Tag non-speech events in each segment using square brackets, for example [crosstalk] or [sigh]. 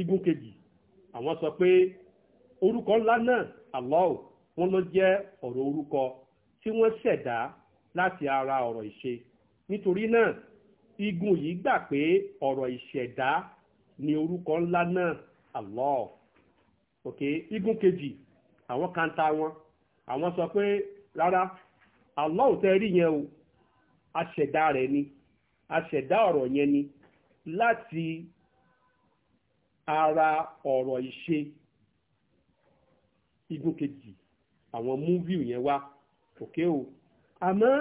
igun kejì àwọn sọ pé orúkọ ńlá náà Allah wọn ló jẹ́ ọ̀rọ̀ orúkọ tí wọ́n ṣẹ̀dá láti ara ọ̀rọ̀ ìṣe nítorí náà igun yìí gbà pé ọ̀rọ̀ ìṣẹ̀dá ni orúkọ ńlá náà Allah ok igun kejì àwọn kan ta wọn àwọn sọ pé rárá Allah tẹ rí yẹn o aṣẹ̀dá rẹ̀ ni aṣẹ̀dá ọ̀rọ̀ yẹn ni láti ara ọ̀rọ̀ ìṣe igun kejì àwọn múvíù yẹn wá òkè o àmọ́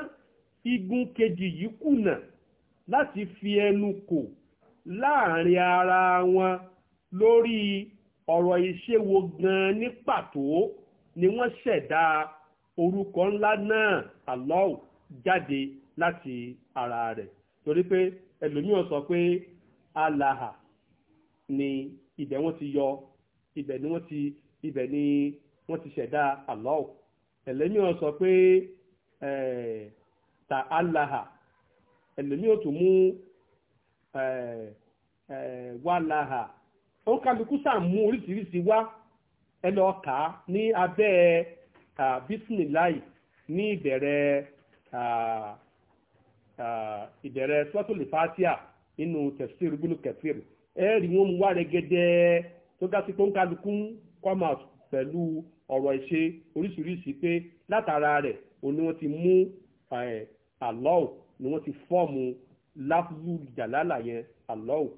igun kejì yìí kùnà láti fi ẹnu kò láàrin ara wọn lórí ọ̀rọ̀ ìṣe wo gan ní pàtó ni wọ́n ṣẹ̀dá orúkọ ńlá náà Allah jáde láti ara rẹ̀ torí pé ẹlòmíràn sọ pé alaha ni ibẹ̀ wọ́n ti yọ ibẹ̀ ni wọ́n ti ibẹ̀ ni wọ́n ti ṣẹ̀dá Allah ẹlẹ́mìíràn sọ pé ẹ̀ ta alaha ẹlẹ́mìíràn tún mú wà laha ó kálukú sáà mú oríṣiríṣi wá ẹ lọ kà á ní abẹ́ bisimilayi ní ìbẹ̀rẹ̀ ìbẹ̀rẹ̀ sọ́tòlì fásíà nínú tafsir ibn kẹfìrì. ẹ̀ẹ́rì wọn mú wá rẹ̀gẹ̀dẹ̀ tó ga sí tó ń kálukú come out pẹ̀lú ọ̀rọ̀ ìṣe oríṣiríṣi pé látara rẹ̀ òun ni wọ́n ti mú àlọ́ọ̀ ni wọ́n ti fọ́ọ̀mù láfúlù jàlálà yẹn àlọ́ọ̀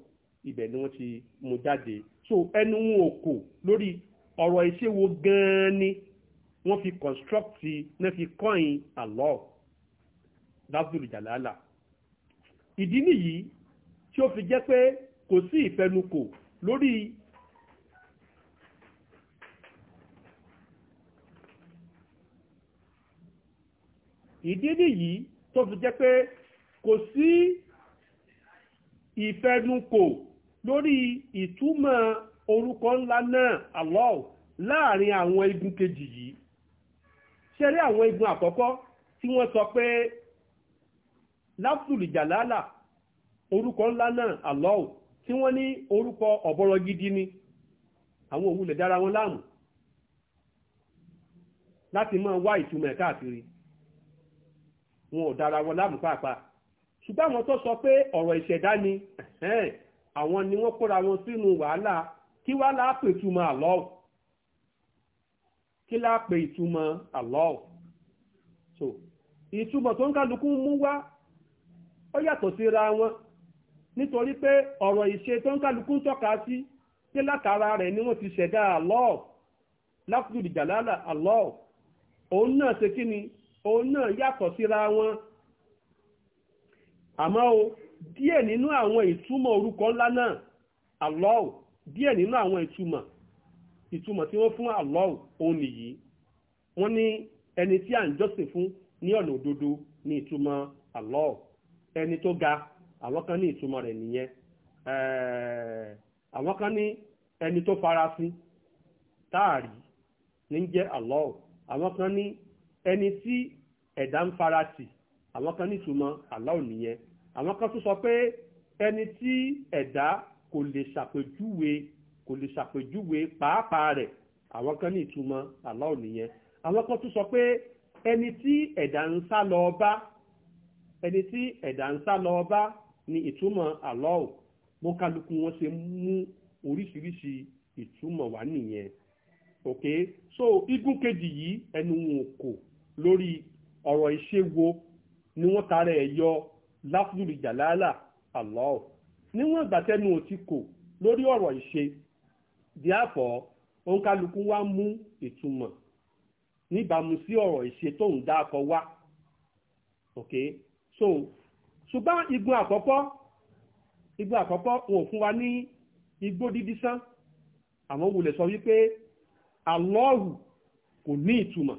ibẹ̀ ni wọ́n ti mú jáde so ẹnu wọn ò kò lórí ọ̀rọ̀ ìṣe wo gan-an ni wọ́n fi construct náà fi kọ́yìn àlọ́ọ̀ láfúlù jàlálà ìdí nìyí tí ó fi jẹ́ pé kò sí ìfẹnukò lórí ìdí nìyí tó fi jẹ́ pé kò sí ìfẹnukò lórí ìtumọ̀ orúkọ ńlá náà Allah láàrin àwọn igun kejì yìí ṣe rí àwọn igun àkọ́kọ́ tí wọ́n sọ pé láfùlù jàlálà orúkọ ńlá náà Allah tí wọ́n ní orúkọ ọ̀bọ̀rọ̀ gidi ni àwọn òwúlẹ̀ dára wọn láàmù láti máa wá ìtumọ̀ ẹ̀ káàkiri wọn ò dára wọn láàmù pàápàá ṣùgbọ́n àwọn tó sọ pé ọ̀rọ̀ ìṣẹ̀dá ni àwọn ni wọ́n kóra wọn sínú wàhálà kí wá láàpè ìtumọ̀ Allah kí láàpè ìtumọ̀ Allah so ìtumọ̀ tó ń kálukú mú wá ó yàtọ̀ síra wọn nítorí pé ọ̀rọ̀ ìṣe tó ń kálukú tọ́ka sí pé látara rẹ̀ ni wọ́n ti ṣẹ̀dá Allah láfùdù jàlálà Allah òun náà ṣe kí ni òun náà yàtọ̀ síra wọn àmọ́ o díẹ̀ nínú àwọn ìtumọ̀ orúkọ ńlá náà Allah díẹ̀ nínú àwọn ìtumọ̀ ìtumọ̀ tí wọ́n fún Allah òun nìyí wọ́n ní ẹni tí à ń jọ́sìn fún ní ọ̀nà òdodo ní ìtumọ̀ Allah ẹni tó ga àwọn kan ní ìtumọ̀ rẹ̀ nìyẹn àwọn kan ní ẹni tó farasin táàrí ní jẹ́ Allah àwọn kan ní ẹni tí ẹ̀dá ń farasì àwọn kan ní ìtumọ̀ Allah nìyẹn àwọn kan tún sọ pé ẹni tí ẹ̀dá kò lè ṣàpèjúwe kò lè ṣàpèjúwe pàápàá rẹ̀ àwọn kan ní ìtumọ̀ Allah nìyẹn àwọn kan tún sọ pé ẹni tí ẹ̀dá ń sá lọ bá ẹni tí ẹ̀dá ń sá lọ bá ni ìtumọ̀ àlọ́ọ̀ bó kálukú wọn ṣe mú oríṣiríṣi ìtumọ̀ wá nìyẹn ok so igun kejì yìí ẹnu wọn kò lórí ọ̀rọ̀ ìṣèwo ni wọ́n tara ẹ̀ yọ láfúrì jàlálà àlọ́ọ̀ níwọ̀n ìgbà tẹnu ò ti kò lórí ọ̀rọ̀ ìṣe díàpọ̀ òǹkálukú wa mú ìtumọ̀ níbàámu sí ọ̀rọ̀ ìṣe tó ń dákọ wá ok so ṣùgbọ́n igun àkọ́kọ́ igun àkọ́kọ́ wọn ò fún wa ní igbó dídí sán àwọn wulẹ̀ sọ wípé àlọ́ọ̀hù kò ní ìtumọ̀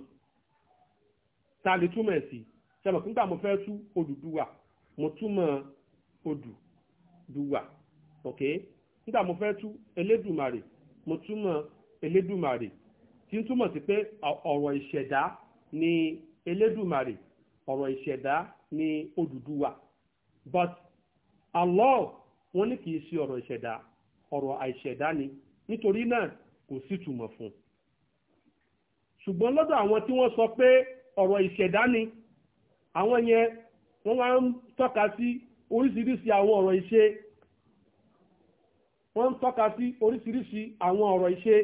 ta lè túmọ̀ ẹ̀ sí sẹ́mọ̀ fúngbà mo fẹ́ tú Odùduwà mo túmọ̀ Odùduwà ok nígbà mo fẹ́ tú Elédùmarè mo túmọ̀ Elédùmarè tí ń túmọ̀ sí pé ọ̀rọ̀ ìṣẹ̀dá ni Elédùmarè ọ̀rọ̀ ìṣẹ̀dá ni Odùduwà but Allah wọ́n ní kì í ṣe ọ̀rọ̀ ìṣẹ̀dá ọ̀rọ̀ àìṣẹ̀dá ni nítorí náà kò sí túmọ̀ fún un ṣùgbọ́n lọ́dọ̀ àwọn tí wọ́n sọ pé ọ̀rọ̀ ìṣẹ̀dá ni àwọn yẹn wọ́n wá ń tọ́ka sí oríṣiríṣi àwọn ọ̀rọ̀ ìṣe wọ́n ń tọ́ka sí oríṣiríṣi àwọn ọ̀rọ̀ ìṣe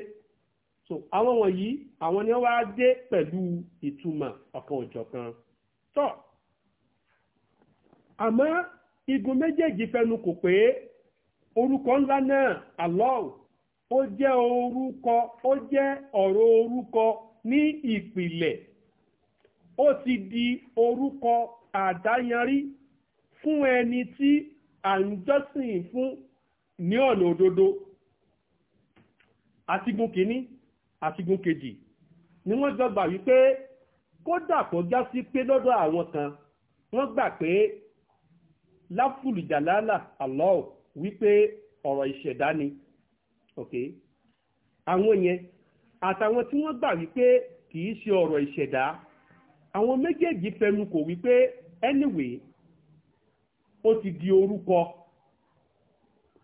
so àwọn wọ̀nyí àwọn ni wọ́n wá dé pẹ̀lú ìtumọ̀ ọ̀kan òjọ̀kan tọ́. So, àmọ́ igun méjèèjì fẹnu kò pé orúkọ ńlá náà Allah ó jẹ́ orúkọ ó jẹ́ ọ̀rọ̀ orúkọ ní ìpìlẹ̀ ó ti di orúkọ àdáyanrí fún ẹni tí à ń jọ́sìn fún ní ọ̀nà òdodo àtigun kìíní àtigun kejì ni wọ́n jọ gbà wípé kódà kó já sí pé lọ́dọ̀ àwọn kan wọ́n gbà pé láfùlù jàlálà Allah wípé ọ̀rọ̀ ìṣẹ̀dá ni okay àwọn yẹn àtàwọn tí wọ́n gbà wípé kì í ṣe ọ̀rọ̀ ìṣẹ̀dá àwọn méjèèjì fẹnu kò wípé anyway ó ti di orúkọ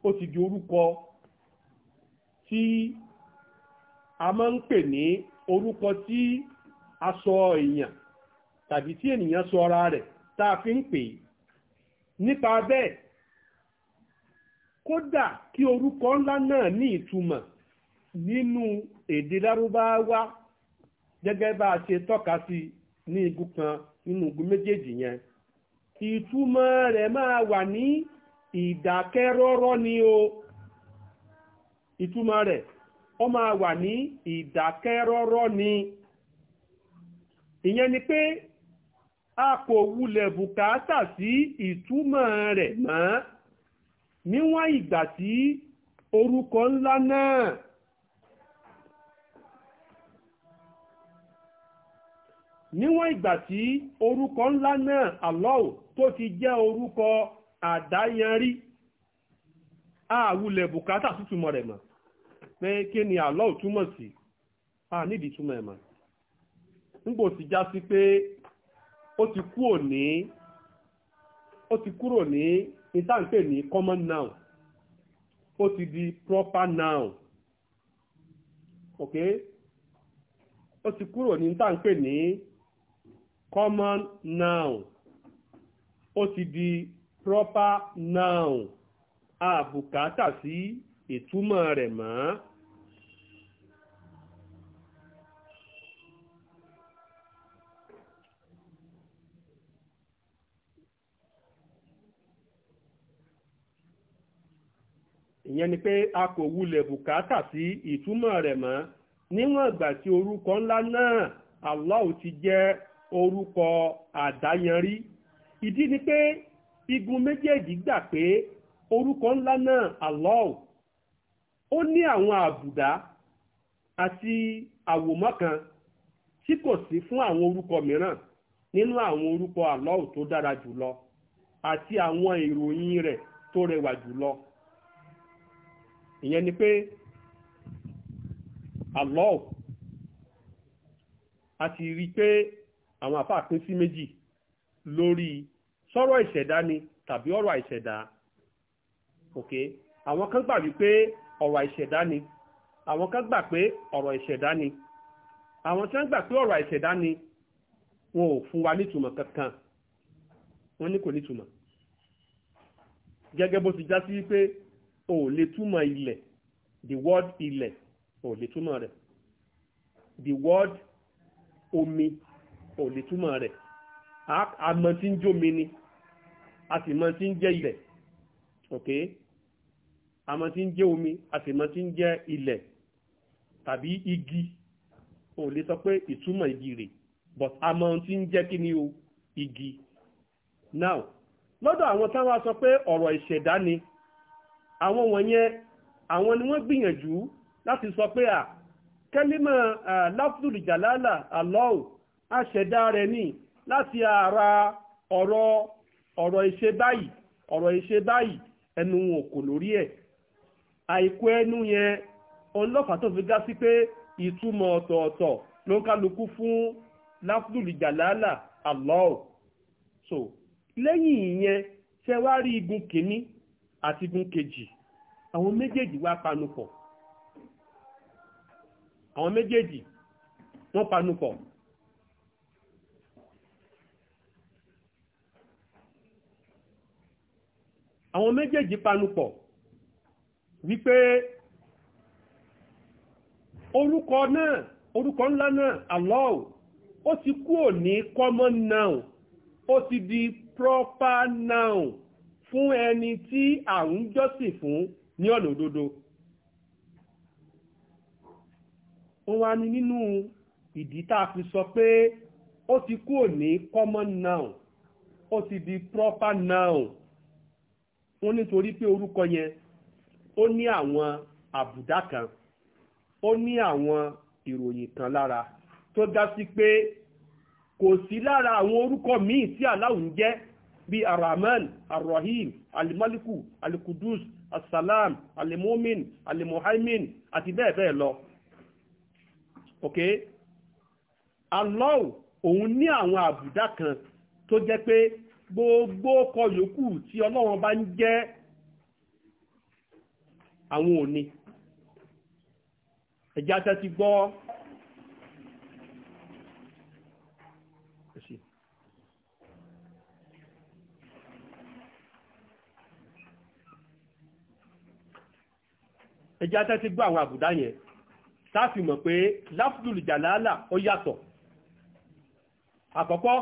ó ti di orúkọ tí a máa ń pè ní orúkọ tí a sọ èèyàn tàbí tí ènìyàn sọ ara rẹ̀ tá a fi ń pè é nípa bẹ́ẹ̀ kódà kí orúkọ ńlá náà ní ìtumọ̀ nínú èdè lárúbáwá gẹ́gẹ́ bá a ṣe tọ́ka sí ní igun kan nínú igun méjèèjì yẹn ìtumọ̀ rẹ̀ máa wà ní ìdákẹ́rọ́rọ́ ni o ìtumọ̀ rẹ̀ ó máa wà ní ìdákẹ́rọ́rọ́ ni ìyẹn ni pé a kò wulẹ̀ bùkátà sí ìtumọ̀ rẹ̀ mọ́ níwọ̀n ìgbà tí orúkọ ńlá náà níwọ̀n ìgbà tí orúkọ ńlá náà tó ti jẹ́ orúkọ àdáyanrí a wulẹ̀ bùkátà sí rẹ̀ mọ́ pé kí ni si a nídìí túmọ̀ ẹ̀ mọ́ nígbò ti já pé ó ti kúrò ní ó ti kúrò ní ìtàǹpè ní common noun ó ti di proper noun ok ó ti kúrò ní ìtàǹpè ní common noun ó ti di proper noun àbùkátà sí ìtumọ̀ rẹ̀ mọ́. ìyẹn ni pé a kò wulẹ̀ bùkátà sí ìtumọ̀ rẹ̀ mọ́ níwọ̀n ìgbà tí orúkọ ńlá náà Allah ti jẹ́ orúkọ àdáyanrí ìdí ni pé igun méjèèjì gbà pé orúkọ ńlá náà Allah ó ní àwọn àbùdá àti àwòmọ́ kan tí kò sí fún àwọn orúkọ mìíràn nínú àwọn orúkọ Allah tó dára jùlọ àti àwọn ìròyìn rẹ̀ tó rẹwà jùlọ ìyẹn ni pé Allah a ti rí i pé àwọn àfáà pín sí méjì lórí sọ̀rọ̀ ìṣẹ̀dá ni tàbí ọ̀rọ̀ àìṣẹ̀dá ok àwọn kan gbà wípé ọ̀rọ̀ àìṣẹ̀dá ni àwọn kan gbà pé ọ̀rọ̀ ìṣẹ̀dá ni àwọn tí wọ́n gbà pé ọ̀rọ̀ àìṣẹ̀dá ni wọn ò fún wa nítumọ̀ kankan wọ́n ní kò nítumọ̀ gẹ́gẹ́ bó ti já sí wípé o ò lè túmọ̀ ilẹ̀ the word ilẹ̀ o ò lè túmọ̀ rẹ̀ the word omi o ò lè túmọ̀ rẹ̀ àmọ́ tí ń jómi ni a sì mọ̀ tí ń jẹ́ ilẹ̀ ok àmọ́ tí ń jẹ́ omi a sì mọ̀ tí ń jẹ́ ilẹ̀ tàbí igi o ò lè sọ pé ìtumọ̀ igi rẹ̀ but àmọ́ tí ń jẹ́ kí ni o igi now lọ́dọ̀ àwọn táwọn sọ pé ọ̀rọ̀ ìṣẹ̀dá ni àwọn wọ̀nyẹn àwọn ni wọ́n gbìyànjú láti sọ pé à kẹ́límọ̀ láfùlù jàlálà àlọ́ọ̀ àṣẹ̀dá rẹ̀ ní láti ara ọ̀rọ̀ ọ̀rọ̀ ìṣe báyìí ọ̀rọ̀ ìṣe báyìí ẹnu wọn kò lórí ẹ̀ àìkú ẹnu yẹn ọlọ́pàá tó fi dá sí pé ìtumọ̀ ọ̀tọ̀ọ̀tọ̀ ló ń kálukú fún láfùlù jàlálà àlọ́ọ̀ so lẹ́yìn ìyẹn ṣe wá rí igun kìíní àti gun kejì àwọn méjèèjì wá panupọ̀ àwọn méjèèjì wọ́n panupọ̀ àwọn méjèèjì panupọ̀ wípé orúkọ náà orúkọ ńlá náà Allah ó ti kúò ní common noun ó ti di proper noun fún ẹni tí à ń jọ́sìn fún ní ọ̀nà òdodo wọ́n wá ní nínú ìdí tá a fi sọ pé ó ti kúrò ní common noun ó ti di proper noun wọ́n nítorí pé orúkọ yẹn ó ní àwọn àbùdá kan ó ní àwọn ìròyìn kan lára tó dá sí pé kò sí lára àwọn orúkọ míì tí aláwùn jẹ́ bíi arahman arahim alimaliku alikudus asalam alimomin alimuhaimin àti bẹ́ẹ̀ bẹ́ẹ̀ lọ ok Allah òun ní àwọn àbùdá kan tó jẹ́ pé gbogbo ọkọ̀ yòókù tí ọlọ́run bá ń jẹ́ àwọn òní ẹ̀já tẹ́ ti gbọ́ ẹjẹ́ atẹ́tí gbọ́ àwọn àbùdá yẹn sáàfì mọ̀ pé láfùdùlù jàlálà ó yàtọ̀ àkọ́kọ́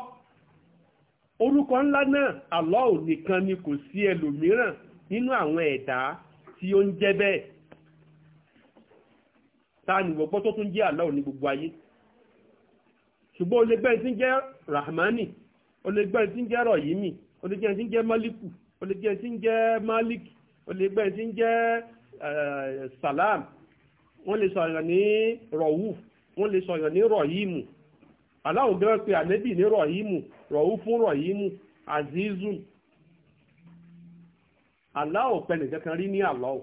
orúkọ ńlá náà Allah nìkan ni kò sí ẹlòmíràn nínú àwọn ẹ̀dá tí ó ń jẹ́ bẹ́ẹ̀ ta ni gbogbo tó tún jẹ́ Allah ní gbogbo ayé ṣùgbọ́n olẹ́gbẹ́ni tí ń jẹ́ rahmani olẹ́gbẹ́ni tí ń jẹ́ rọ̀yìmì olẹ́gbẹ́ni tí ń jẹ́ málíkù olẹ́gbẹ́ni tí ń jẹ́ Eh, salam wọ́n lè sọ̀yàn ní rọ̀wù wọ́n lè sọ̀yàn ní rọ̀yìmù aláwọ̀ gẹ́gẹ́ pé ànẹ́bì ní rọ̀yìmù rọ̀wù fún rọ̀yìmù azizu aláwọ̀ pẹ̀lú kankan rí ní àlọ́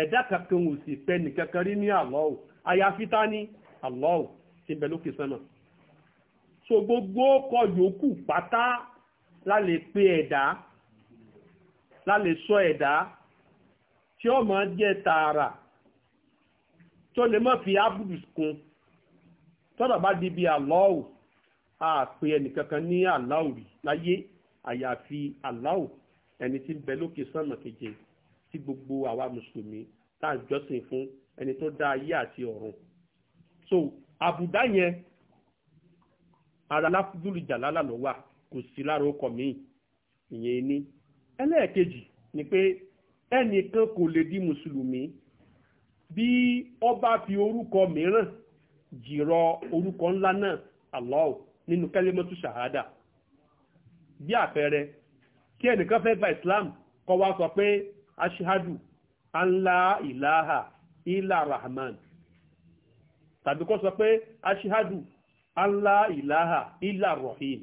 ẹ̀dá kankan ò sì pẹ̀lú kankan rí ní àlọ́ àyàfi ta ni àlọ́ ti bẹ̀ lókè sánà so gbogbo ọkọ̀ yòókù pátá la lè pe ẹ̀dá sọ ẹ̀dá tí ó máa jẹ́ tààrà tó lè mọ́ fi ábùdù kún tọ́rọ̀ bá di bí àlọ́ù àpè ẹnìkankan ní àláù rí láyé àyàfi àláù ẹni tí ń bẹ lókè sánmà keje tí gbogbo àwa mùsùlùmí tá à ń jọ́sìn fún ẹni tó dá ayé àti ọ̀run so àbùdá yẹn ara láfúdúrì jàlálà ló wà kò sí lára ọkọ̀ míì ìyẹn ní ẹlẹ́ẹ̀kejì ni pé ẹnìkan kò lè di mùsùlùmí bí ó bá fi orúkọ mìíràn jìrọ orúkọ ńlá náà Allah nínú kẹlẹ́mọ́tù ṣàhádà bí àpẹẹrẹ kí ẹnìkan fẹ́ gba Islam kọ́ wá sọ pé aṣíhádù anla ìlàhà ilà rahman tàbí kọ́ sọ pé aṣíhádù anla ìlàhà ilà rahim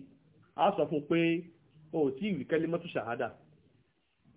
a sọ fún pé o tí ìwì kẹlẹ́mọ́tù ṣàhádà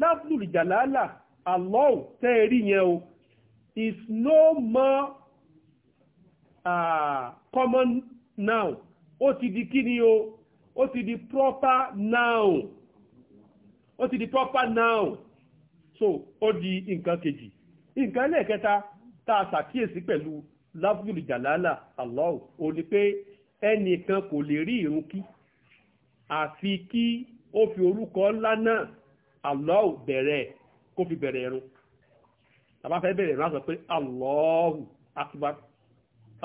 lafdul jalala Allah tẹ́ ẹ yẹn o is no more uh, common now. ó ti di kí ni o ó ti di proper now? ó ti di proper now? so ó di nǹkan kejì nǹkan ẹlẹ́ẹ̀kẹta tá a ṣàkíyèsí pẹ̀lú lafdul jalala Allah ò ní pé ẹnìkan kò lè rí ìrun kí àfi kí ó fi orúkọ ńlá náà Allahu bẹ̀rẹ̀ kó fi bẹ̀rẹ̀ ẹ̀rùn tàbá fẹ́ bẹ̀rẹ̀ ẹ̀rùn pé Allahu akbar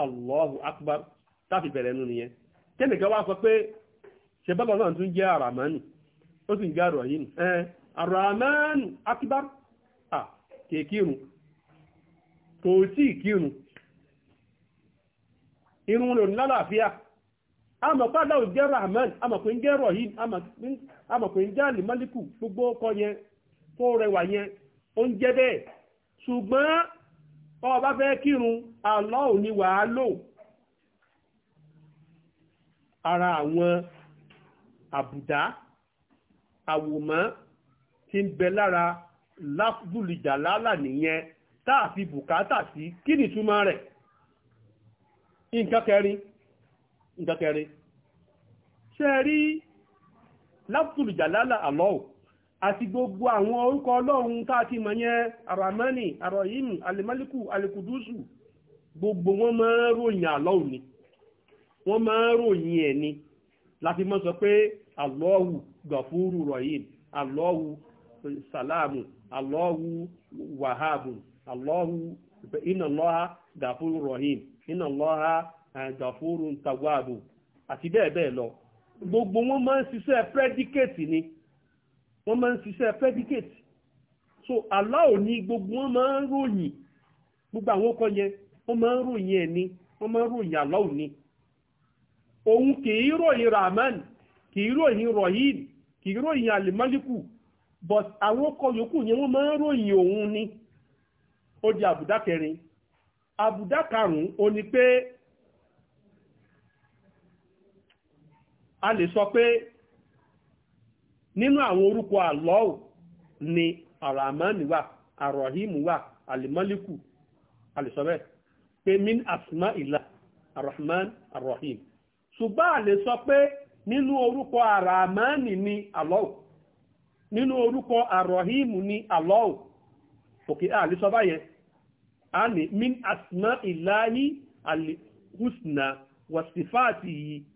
Allahu akbar táfi bẹ̀rẹ̀ ẹ̀rùn nìyẹn kẹ́nìkan wá sọ pé ṣe bọ́lọ̀ náà tún jẹ́ àràmánì ó sì ń jẹ́ àrọ̀ yìí ẹ̀ àràmánì akbar à kèkírun kò tí ìkírun irun rẹ̀ lálàáfíà àmọ̀ pàdánù jẹ́ rahman àmọ̀ pé ń jẹ́ rọ̀ yìí àmọ̀ a mọ̀ jẹ́ àlìmọ́líkù gbogbo ọkọ yẹn tó rẹwà yẹn ó ń jẹ́ bẹ́ẹ̀ ṣùgbọ́n ọba fẹ́ kírun àlọ́ òní á lò ara àwọn àbùdá àwòmọ́ ti ń bẹ lára láfùlìjà lálà nìyẹn táàfi bùkátà sí kí láfùtùlù jàlálà àlọ́ò àti gbogbo àwọn orúkọ ọlọ́run tá ti mọ̀ aramani arọ̀yìmù alimaliku alikudusu gbogbo wọn máa ń ròyìn àlọ́ò ni wọ́n máa ń ròyìn ẹ̀ ni láti mọ́ sọ pé àlọ́ọ̀wù gàfúrú rọ̀yìn àlọ́ọ̀wù sàlámù àlọ́ọ̀wù wàhábù àlọ́ọ̀wù iná lọ́ha rọ̀yìn iná lọ́ha tàwáàbù lọ gbogbo wọn máa ń ṣiṣẹ́ predicate ni wọ́n máa ń ṣiṣẹ́ predicate so Allah ni gbogbo wọn máa ń ròyìn gbogbo àwọn ọkọ yẹn wọ́n máa ń ròyìn ẹ̀ ni wọ́n máa ń ròyìn Allah ni òun kìí ròyìn Rahman kìí ròyìn Rahim kìí ròyìn Alimaliku but àwọn ọkọ yòókù yẹn wọ́n máa ń ròyìn òun ni ó di àbùdá kẹrin àbùdá karùn-ún ó ní pé a lè sọ pé nínú àwọn orúkọ àlọ́ọ̀ ni àràmánì wà àròhìmù wà àlìmọ́líkù a lè sọ bẹ́ẹ̀ pé min asma ìlà àròhìmán àròhìm ṣùgbọ́n a lè sọ pé nínú orúkọ àràmánì ni àlọ́ọ̀ nínú orúkọ àròhìmù ni àlọ́ọ̀ òkè a lè sọ báyẹn a ní min asma ìlà yìí alhusna wasifati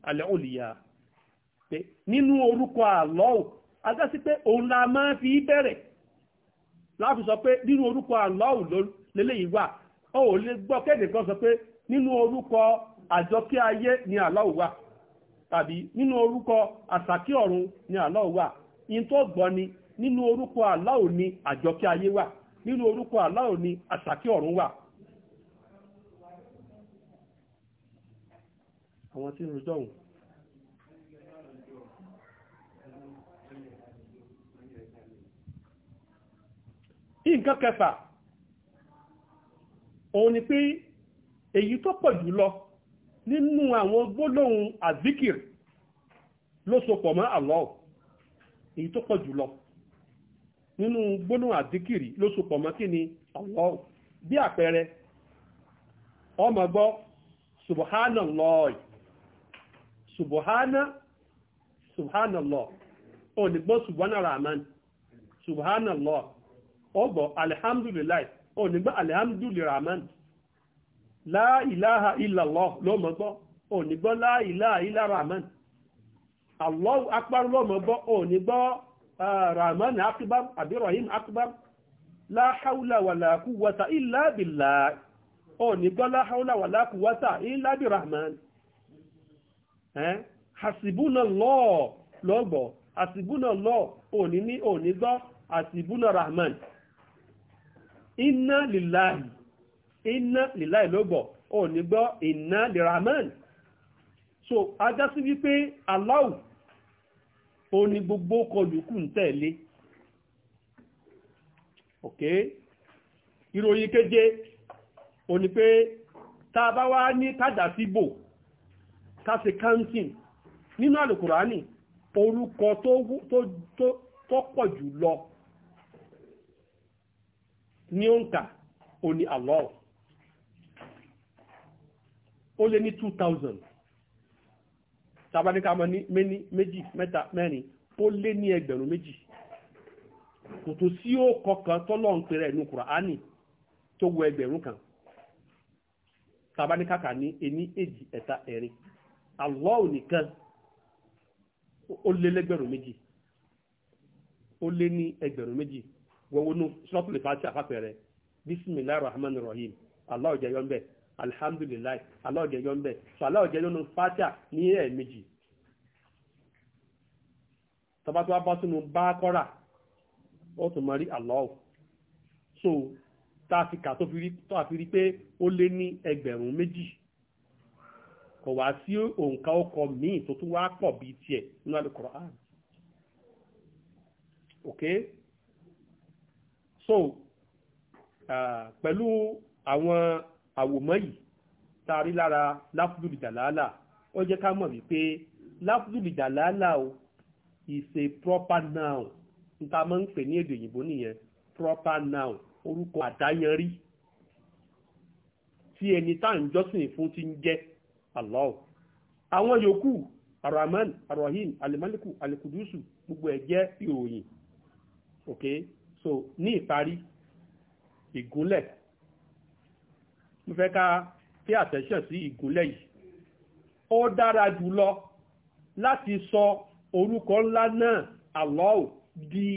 al'uliya pé nínú orúkọ àlọ́ù si pé òun la máa fi bẹ̀rẹ̀ láti sọ pé nínú orúkọ àlọ́ù lélẹ́yìí wà ó ò lè gbọ́ kan sọ pé nínú orúkọ àjọkí ayé ni àlọ́ù wà tàbí nínú orúkọ àsàkí ọ̀run ni àlọ́ù wà in tó gbọ́ ni nínú orúkọ àlọ́ù ni àjọkí ayé wà nínú orúkọ ni àsàkí ọ̀run wà àwọn tí ń rojọ́ nǹkan kẹfà òun ni pé èyí tó pọ̀ jùlọ nínú àwọn gbólóhùn azikir ló sopọ̀ mọ́ Allah èyí tó pọ̀ jùlọ nínú gbólóhùn azikiri ló sopọ̀ mọ́ kí ni Allah bí àpẹẹrẹ ọmọ gbọ́ subhanallah subhana subhanallah òní gbọ́ subhana rahman subhanallah ọgbọ̀ alihamdulilayi onígbà alihamdulirahman láìláha ìlàlọ́ lọ́mọgbọ́ onígbọ́ láìláha ìlàrahman allahu akbar lọ́mọgbọ́ onígbọ́ ah, rahman akbar abirahim akbar láhàúlà wàlàkú wata ìlàbìlà onígbọ́ láhàúlà wàlàkú wata ìlàbìrahman hasibuna lọ́ọ̀ lọ́gbọ̀ hasibuna lọ́ọ̀ òní ní òní gbọ́ hasibuna rahman iná lìláì iná lìláì ló bọ̀ ò ní gbọ́ iná lìramán so ajá sí wípé aláwù ó ní gbogbo kọlùkù ń tẹ̀lé ok ìròyìn keje ò ní pé tá a bá wá ní kádà síbò ká ṣe káńtìn nínú àlùkùránì orúkọ tó pọ̀ jù lọ ní òǹkà ó ní Allah ó lé ní two thousand tàbáníkà mọ́ ní méjì mẹ́ta mẹ́rin ó lé ní ẹgbẹ̀rún méjì kò tó sí òkọ kan tọ́lọ́ ń pèrè ẹ̀nu Kùránì tó wọ ẹgbẹ̀rún kan tàbáníkà kà ní ení èjì ẹ̀ta ẹ̀rin Allah nìkan ó lé lẹ́gbẹ̀rún méjì ó lé ní ẹgbẹ̀rún méjì wọ́n wọnú sọ́ọ̀tún ìfàtí àfàpẹ̀rẹ̀ rahman rahim aláwọ̀ jẹyọ ń alihamdulilayi aláwọ̀ jẹyọ ń sọ aláwọ̀ jẹyọ ń fàtíà ní tọ́bátú bá sínú ó tún so tá a fi kà tó fi rí pé ó lé ní ẹgbẹ̀rún méjì kò wá sí òǹkà ọkọ̀ míì tó tún wá pọ̀ bíi so pẹ̀lú àwọn àwòmọ́ yìí tá a rí lára láfúdùlì dàlálà ó jẹ́ ká mọ̀ wípé láfúdùlì dàlálà o is a proper noun níta máa ń pè ní èdè òyìnbó nìyẹn proper noun orúkọ àdáyanrí tí ẹni tá à ń jọ́sìn fún ti ń jẹ́ Allah àwọn yòókù arahman arahim alimaliku alikudusu gbogbo ẹ̀ jẹ́ ìròyìn okay so ní ìparí ìgúnlẹ̀ mo fẹ́ ká pé àtẹ́sẹ̀ sí ìgúnlẹ̀ yìí ó dára jùlọ láti sọ orúkọ ńlá náà Allah di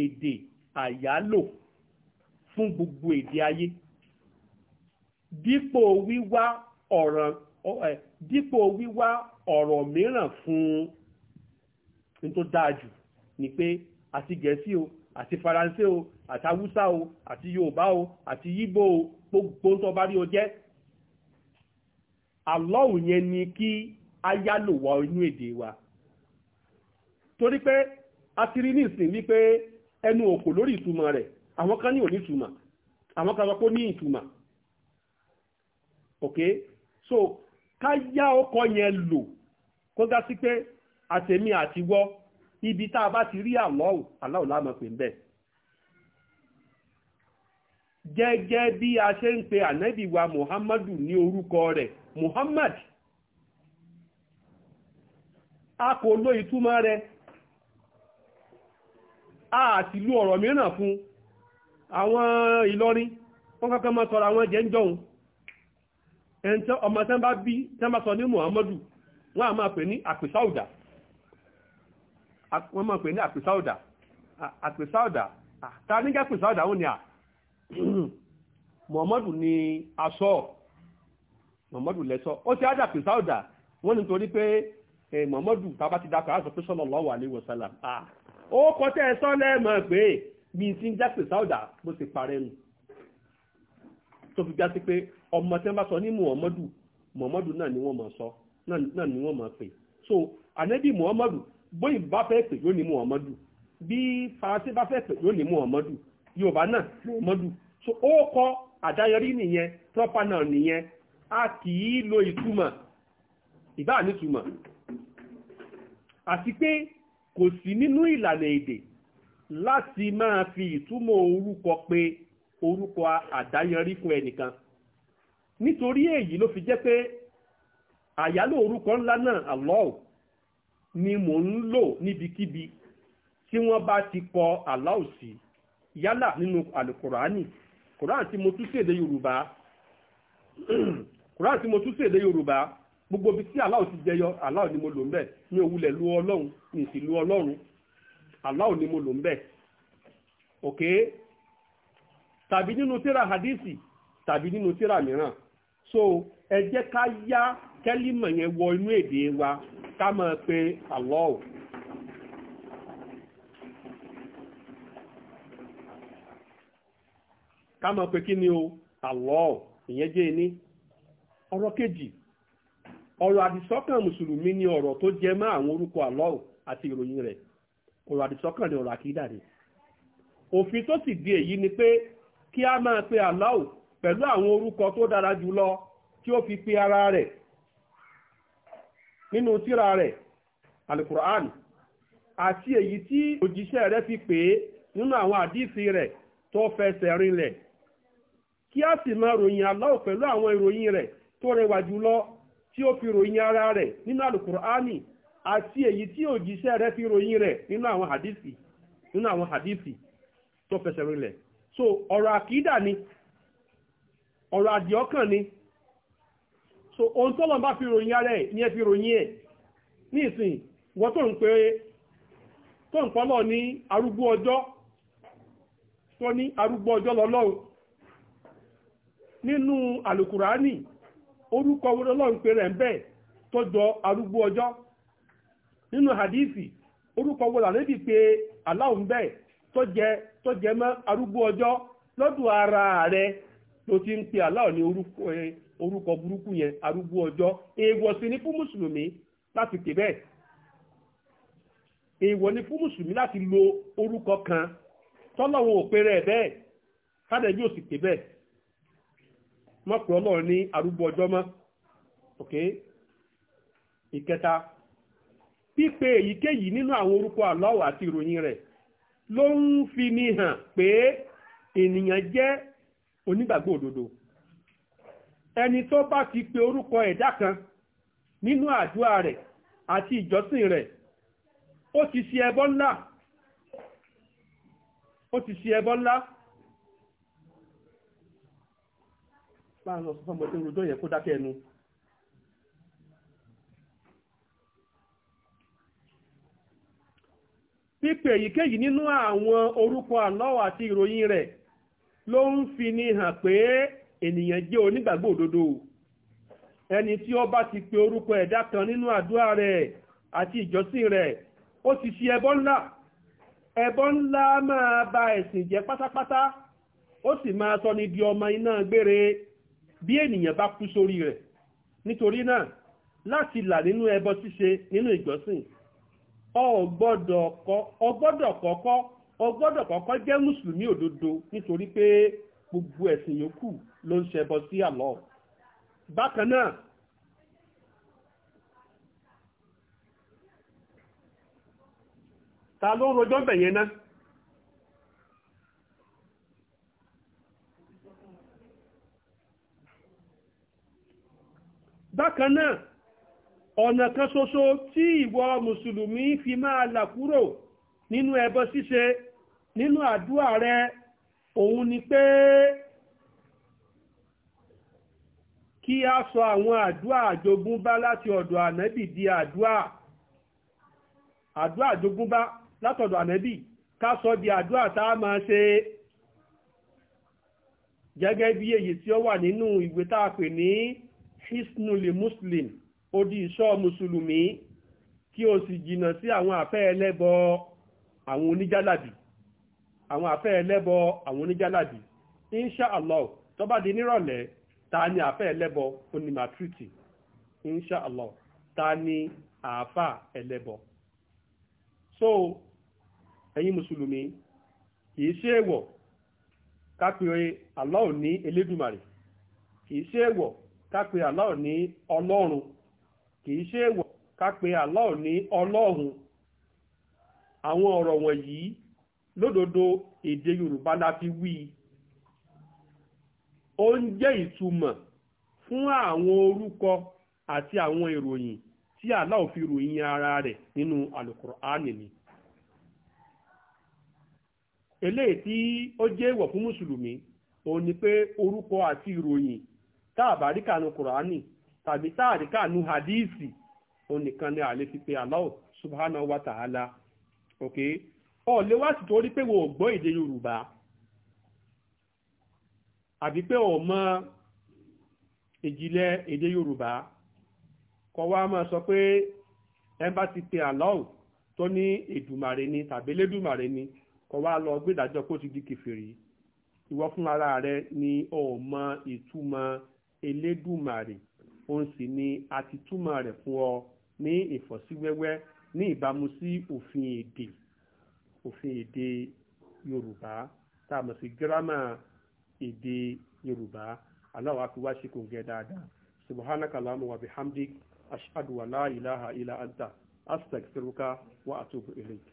èdè àyálò fún gbogbo èdè ayé dípò wíwá ọ̀ràn dípò wíwá ọ̀rọ̀ mìíràn fún un tó dáa jù ni pé àti gẹ̀ẹ́sì o àti faransé o àti haúsá o àti yorùbá o àti yíbò o gbogbo tó bá rí o jẹ́ Allah yẹn ni kí ayálò wa inú èdè wa torí pé a ti rí nísìn wípé ẹnu òkò lórí ìtumọ̀ rẹ̀ àwọn kan ní òní ìtumọ̀ àwọn kan sọ pé ní ìtumọ̀ ok so ká yá ọkọ yẹn lò kó dá sí pé àtẹ̀mí àtiwọ́ ibi tá a bá ti rí àlọ́ọ̀ aláwọ̀ láàmọ̀ pé ń bẹ̀. gẹ́gẹ́ bí a ṣe ń pe ànábì muhammadu ní orúkọ rẹ̀ muhammad a kò lo ìtumọ̀ rẹ̀ a sì lo ọ̀rọ̀ mìíràn fún àwọn ìlọrin wọ́n kankan máa sọ̀rọ̀ àwọn jẹ́ ń jọun ọmọ tán bá sọ ní muhammadu wọ́n á máa pè ní àpèsáùdà wọ́n mọ̀ pé ní àpèsáòdà àpèsáòdà ta nígbà àpèsáòdà ó ní à [clears throat] Muhammadu ni aṣọ Muhammadu lẹ́sọ ó ti ájà àpèsáòdà wọ́n ní torí pé Muhammadu tàbá ti dakọ̀ àṣọ pé sallallahu alaihi wasallam ó kọ́ tẹ́ ẹ sọ lẹ́ẹ̀mọ̀ pé bí ti ń já àpèsáòdà bó ti parẹ́ nù tó fi já sí pé ọmọ tí wọ́n bá sọ ní Muhammadu Muhammadu náà ni wọ́n mọ̀ sọ náà ni wọ́n mọ̀ pé so ànábì Muhammadu bóyì bá fẹ́ pè yóò ní Muhammadu bí faransé bá fẹ́ pè yóò ní Muhammadu yorùbá náà Muhammadu so ó kọ àdáyọrí nìyẹn propanal nìyẹn a kì í lo ìtumọ̀ ìbá nítumọ̀ àti pé kò sí nínú ìlànà èdè láti máa fi ìtumọ̀ orúkọ pé orúkọ àdáyọrí fún ẹnìkan nítorí èyí ló fi jẹ́ pé àyálò orúkọ ńlá náà Allah ni mò ń lò níbikíbi tí wọ́n bá ti kọ aláwù sí yálà nínú alukurani kuran tí mo tú sí èdè yorùbá kuran [clears throat] tí mo tú sí èdè yorùbá gbogbo ibi tí aláwù ti jẹyọ aláwù ni mo lò ń bẹ ní òwúlẹ̀ lu ọlọ́run ní ìsì lu ọlọ́run aláwù ni mo lò ń bẹ ok tàbí nínú tíra hadisi tàbí nínú tíra mìíràn so ẹ jẹ́ ká yá kẹ́límọ̀ yẹn wọ inú èdè wa ká máa pe Allah ká máa pe kí ni o Allah ìyẹn jẹ́ ní ọ̀rọ̀ kejì ọ̀rọ̀ àdìsọ́kàn mùsùlùmí ni ọ̀rọ̀ tó jẹ mọ́ àwọn orúkọ Allah àti ìròyìn rẹ̀ ọ̀rọ̀ àdìsọ́kàn ni ọ̀rọ̀ àkídà ni òfin tó sì di èyí ni pé kí pe pẹ̀lú àwọn orúkọ tó dára jùlọ tí ó fi pe ara rẹ̀ nínú tírà rẹ̀ alukur'an àti èyí tí òjíṣẹ́ rẹ̀ fi pé nínú àwọn àdísì rẹ̀ tó fẹsẹ̀ rinlẹ̀ kí a sì máa ròyìn aláwọ̀ pẹ̀lú fi ròyìn ara rẹ̀ nínú àti èyí tí òjíṣẹ́ rẹ̀ fi ròyìn rẹ̀ nínú àwọn so ọ̀rọ̀ ọ̀rọ̀ àdì ọkàn ni so ohun tó bá fi ròyìn ara ẹ̀ ní ẹ ròyìn ẹ̀ ní ìsìn wọ́n tó ń tó ń pọ́lọ̀ ní arúgbó ọjọ́ tó ní arúgbó ọjọ́ nínú alukurani orúkọ rẹ̀ ń bẹ́ẹ̀ tó jọ arúgbó ọjọ́ nínú orúkọ pé aláhùn tó jẹ mọ́ ara rẹ̀ ló ti ń pe aláwọ̀ ní orúkọ burúkú yẹn arúgbó ọjọ́ èèwọ̀ si ni fún mùsùlùmí láti pè bẹ́ẹ̀ èèwọ̀ ni fún mùsùlùmí láti lo orúkọ kan tọ́lọ́wọ́n ò bẹ́ẹ̀ kádẹ́jú yóò sì pè bẹ́ẹ̀ ok ìkẹta pípe èyíkéyìí nínú àwọn orúkọ àti ìròyìn rẹ̀ ló ń fi ní hàn pé onígbàgbọ́ òdodo ẹni tó bá ti pe orúkọ ẹ̀dá kan nínú àdúrà rẹ̀ àti ìjọsìn rẹ̀ ó ti ṣe ẹbọ ńlá ó ti ṣe ẹbọ ńlá máa lọ sọ fọmọdé rojọ yẹn kó dákẹ́ ẹnu pípè èyíkéyìí nínú àwọn orúkọ àlọ́wọ̀ àti ìròyìn rẹ̀ ló ń fi ní hàn pé ènìyàn jẹ́ onígbàgbọ́ òdodo ẹni tí ó bá ti pe orúkọ ẹ̀dá kan nínú àdúrà rẹ̀ àti ìjọsìn rẹ̀ ó ti ṣe ẹbọ ńlá ẹbọ ńlá máa ba ẹ̀sìn jẹ́ pátápátá ó sì máa sọ ní di ọmọ iná gbére bí ènìyàn bá kú sórí rẹ̀ nítorí náà láti là nínú ẹbọ ṣíṣe nínú ìjọsìn o gbọ́dọ̀ kọ́kọ́ o gbọ́dọ̀ kọ́kọ́ jẹ́ mùsùlùmí òdodo nítorí pé gbogbo ẹ̀sìn yòókù ló ń ṣẹbọ sí àlọ́ bákan náà ta ló ń rojọ́ bẹ̀yẹn náà bákan náà ọ̀nà kan ṣoṣo tí ìwọ mùsùlùmí fi máa là kúrò nínú ẹbọ ṣíṣe nínú àdúrà rẹ òun ni pé kí a sọ àwọn àdúrà àjogúnbá láti ọ̀dọ̀ ànẹ́bì di àdúrà àdúrà àjogúnbá látọ̀dọ̀ ànẹ́bì ká sọ di àdúrà tá a máa ṣe gẹ́gẹ́ bí èyí tí ó wà nínú ìwé tá a pè ní hisnuli muslim odi ìṣọ́ mùsùlùmí kí o sì jìnnà sí àwọn àfẹ́ ẹlẹ́bọ̀ọ́ àwọn oníjálàbì àwọn àfẹ́ ẹlẹ́bọ àwọn oníjálàbì insha allah nírọ̀lẹ́ ta ni àfẹ́ ẹlẹ́bọ onímàtírìtì ta ni àáfà ẹlẹ́bọ so ẹ̀yin mùsùlùmí kìí ṣe pe ní Elédùmarè kìí ṣe èèwọ̀ pe ní Ọlọ́run kìí ṣe pe ní àwọn ọ̀rọ̀ wọ̀nyí lódodo èdè Yorùbá la fi wí ó ń jẹ́ ìtumọ̀ fún àwọn orúkọ àti àwọn ìròyìn tí Allah fi ròyìn ara rẹ̀ nínú al mi. ni eléyìí tí ó jẹ́ ìwọ̀ fún mùsùlùmí òun ni pé orúkọ àti ìròyìn táàbáríkànú kùránì tàbí táàríkànú hadíìsì òun nìkan ni a fi pe Allah subhanahu wa ta'ala ok ọ lè wá sí torí pé wo gbọ́ èdè yorùbá àbí pé o mọ ìjìnlẹ̀ èdè yorùbá kọ wá máa sọ pé ẹ bá ti pe àlọ́ọ̀ tó ní èdùmàrè ni tàbí lédùmàrè ni kọ wá lọ gbé kó ti di kèfèrí ìwọ fún ara rẹ ni o mọ ìtumọ̀ elédùmàrè òun sì ni a rẹ̀ fún ọ ní ìfọ̀síwẹ́wẹ́ ní ìbámu sí òfin èdè òfin èdè yorùbá tá a mọ̀ sí gírámà èdè yorùbá aláwọ̀ á fi wá ṣe kòǹgẹ́ dáadáa subhanaka allahumma wa bihamdik ashadu wa la ilaha illa anta astaghfiruka wa atubu ilayk